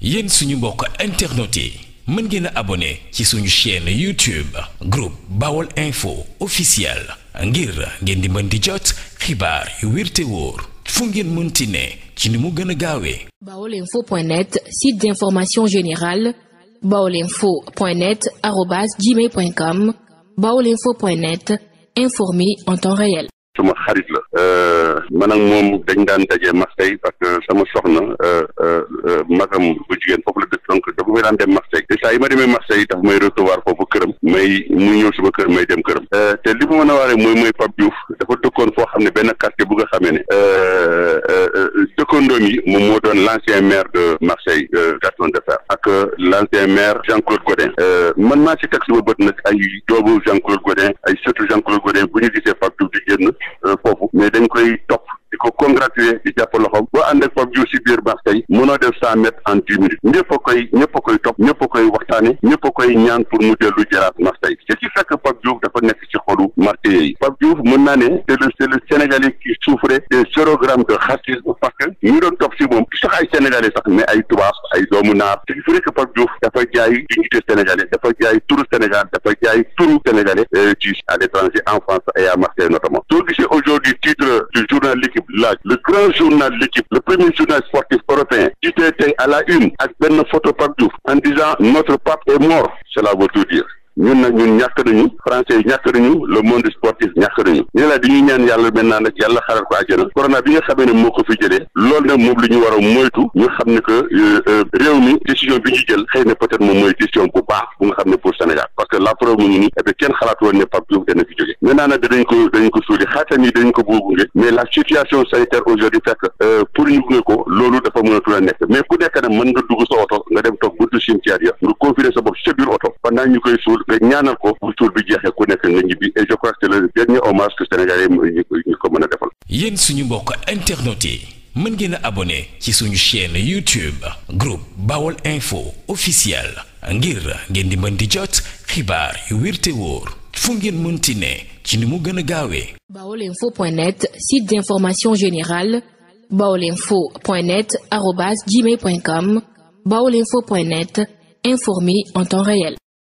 yéen suñu mbokk internet yi mën ngeen a abonné ci suñu chaîne YouTube groupe Bawol info officiel ngir ngeen di mën di jot xibaar yu wér te fu ngeen mënti ne ci ni mu gën a gaawee. Baolinfo.net site d'information générale baolinfo.net arobase gmail.com baolinfo.net informer en temps réel. suma xarit la. Euh, man ak moom dañ daan daje Marseille parce que sama soxna. Euh, magam bu jigéen foofu la dëkk donc dafa may daan dem Marseille te saa yi ma demee Marseille daf may recevoir foofu këram may muy ñëw suma kër may dem këram euh, te li mu mën a waaree mooy mooy Pape Diouf dafa dëkkoon foo xam ne benn quartier bu nga xamee ne euh, euh, dëkkandoom yi moom moo doon l'ancien maire de Marseille de Defferre ak l'ancien maire Jean-Claude Godin man maa ci teg suma bët nag ay doomu Jean-Claude Godin ay surtout Jean-Claude Godin bu ñu gisee Pape Diouf di génn foofu mais dañ ànd ak Pape Diouf si biir baax tey mënoo def cent mètres en dix minutes ñëpp a koy ñëpp a koy topp ñëpp a koy waxtaane ñëpp koy ñaan pour mu dellu jëlaat Marseille te ci fekk Pape Diouf dafa nekk ci xolu Marseille yi Pape Diouf mën naa ne c'est le c'est le Sénégalais de racisme parce que doon topp si moom ci sax ay Sénégalais sax mais ay tubaab ay doomu naar te fu nekk Pape Diouf dafa jaay dignité sénégalais dafa jaay turu Sénégal dafa jaay turu sénégalais ci euh, à premier journal sportif européen du tey à la une ak benn photo Pape Diouf en disant notre pape est mort cela veut tout dire ñun nag ñun ñàkk nañu français yi ñàkk nañu le monde sportif ñàkk nañu ñu ne la di ñuy ñaan yàlla maintenant nag yàlla xaral ko àjjana corona bi nga xamee ne moo ko fi jëlee loolu nag moom li ñu war a moytu ñu xam ne que euh, euh, réew mi décision bi ñu jël xëy na peut-être moom mooy décision bu baax bu nga xam ne pour Sénégal parce que la preuve mu ngi nii et eh kenn xalaatu woon ne Pape Diouf dana fi jóge maintenant nag danañ ko danañ ko suuli xaatam yi dañ ko bugunge mais la situation sanitaire aujourd'hui fekk euh, ko loolu dafa mën a nekk mais ku nekk nag mën nga dugg sa oto nga dem toog cimetière ya nga confiné ko bu ñu ko mën a defal. yéen suñu mbokk internautes yi mën ngeen a abonné ci suñu chaîne YouTube groupe Bawol info officiel ngir ngeen di mën di jot xibaar yu wér te wóor fu ngeen mënti ne ci ni mu gën a gaawee. Baolinfo.net site d'information générale baolinfo.net arobase gmail.com baoleinfo.net, informé en temps réel.